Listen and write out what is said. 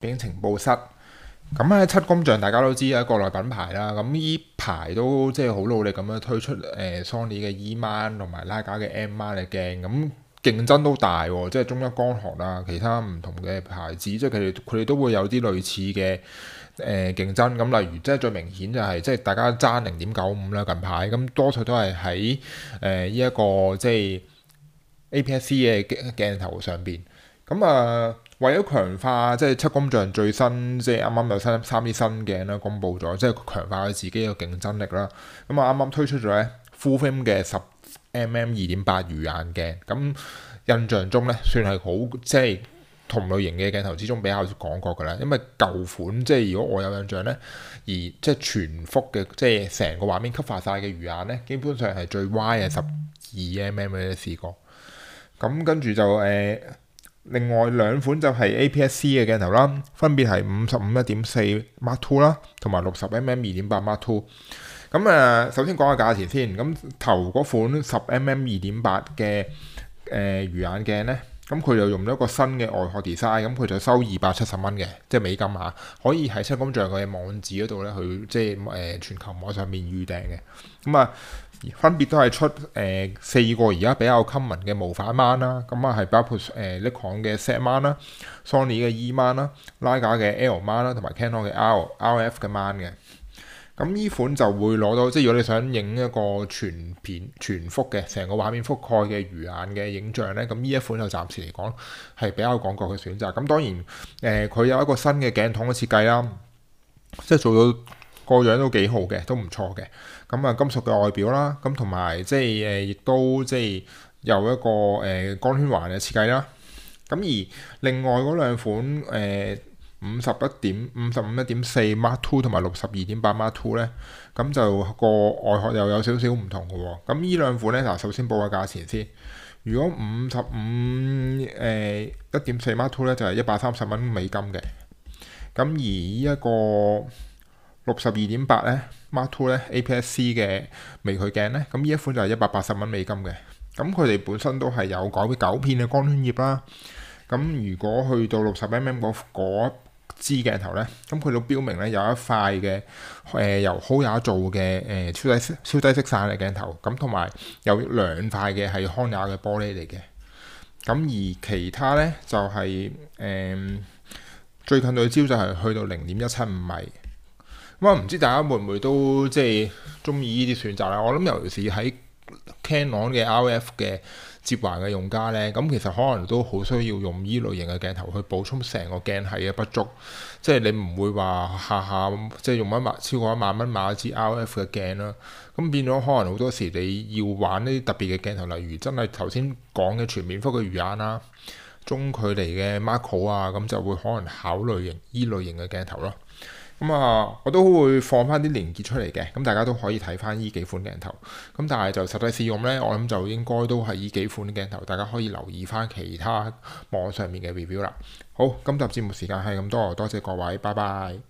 鏡情報室咁咧，七工匠大家都知啦，國內品牌啦，咁依排都即係好努力咁樣推出誒，Sony 嘅 E Man 同埋徠卡嘅 M Man 嘅鏡，咁競爭都大，哦，即係中一光學啦，啊，其他唔同嘅牌子，即係佢哋佢哋都會有啲類似嘅誒競爭，咁例如即係最明顯就係、是、即係大家爭零點九五啦，近排咁多數都係喺誒呢一個即係 APS C 嘅鏡鏡頭上邊。咁啊，為咗強化即係七工匠最新，即係啱啱有新三支新鏡啦，公布咗，即係強化佢自己嘅競爭力啦。咁啊，啱啱推出咗咧 Full Frame 嘅十 mm 二點八魚眼鏡。咁印象中咧，算係好即係同類型嘅鏡頭之中比較廣角㗎啦。因為舊款即係如果我有印象咧，而即係全幅嘅即係成個畫面吸化晒嘅魚眼咧，基本上係最 wide 係十二 mm 嘅都試過。咁跟住就誒。呃另外兩款就係 APS-C 嘅鏡頭啦，分別係五十五一點四 Mark Two 啦，同埋六十 mm 二點八 Mark Two。咁誒、呃，首先講下價錢先。咁頭嗰款十 mm 二點八嘅誒魚眼鏡呢。咁佢就用咗一個新嘅外殼 design，咁佢就收二百七十蚊嘅，即係美金啊，可以喺七工匠嘅網址嗰度咧，佢即係誒全球網上面預訂嘅。咁啊，分別都係出誒四、呃、個而家比較 common 嘅模範 mount 啦，咁啊係包括誒 Nikon 嘅 Z mount 啦、Sony 嘅 E mount 啦、拉架嘅 L mount 啦、啊，同埋 Canon 嘅 R RF 的的、RF 嘅 mount 嘅。咁呢款就會攞到，即係如果你想影一個全片全幅嘅成個畫面覆蓋嘅魚眼嘅影像咧，咁呢一款就暫時嚟講係比較廣角嘅選擇。咁當然，誒、呃、佢有一個新嘅鏡筒嘅設計啦，即係做到個樣都幾好嘅，都唔錯嘅。咁、嗯、啊，金屬嘅外表啦，咁同埋即係誒亦都即係有一個誒、呃、光圈環嘅設計啦。咁、嗯、而另外嗰兩款誒。呃五十一點五十五一點四 Mark two 同埋六十二點八 Mark two 咧，咁就個外殼又有少少唔同嘅喎、哦。咁呢兩款咧，嗱首先報下價錢先。如果五十五誒一點四 Mark two 咧，就係一百三十蚊美金嘅。咁而呢一個六十二點八咧 Mark two 咧 APS-C 嘅微距鏡咧，咁呢一款就係一百八十蚊美金嘅。咁佢哋本身都係有改為九片嘅光圈葉啦。咁如果去到六十 mm 嗰、那個支鏡頭咧，咁佢都標明咧有一塊嘅誒、呃、由 Hoya 做嘅誒超低超低色散嘅鏡頭，咁同埋有兩塊嘅係康雅嘅玻璃嚟嘅。咁而其他咧就係、是、誒、嗯、最近對焦就係去到零點一七五米。咁啊唔知大家會唔會都即係中意呢啲選擇咧？我諗尤其是喺 Canon 嘅 RF 嘅。接環嘅用家咧，咁其實可能都好需要用依類型嘅鏡頭去補充成個鏡系嘅不足，即係你唔會話下下即係用一萬超過一萬蚊買一支 RF 嘅鏡啦。咁變咗可能好多時你要玩呢啲特別嘅鏡頭，例如真係頭先講嘅全片幅嘅魚眼啦、中距離嘅 macro 啊，咁就會可能考慮型依類型嘅鏡頭咯。咁啊、嗯，我都會放翻啲連結出嚟嘅，咁、嗯、大家都可以睇翻呢幾款鏡頭。咁、嗯、但係就實際試用呢，我諗就應該都係呢幾款鏡頭，大家可以留意翻其他網上面嘅 review 啦。好，今集節目時間係咁多，多謝各位，拜拜。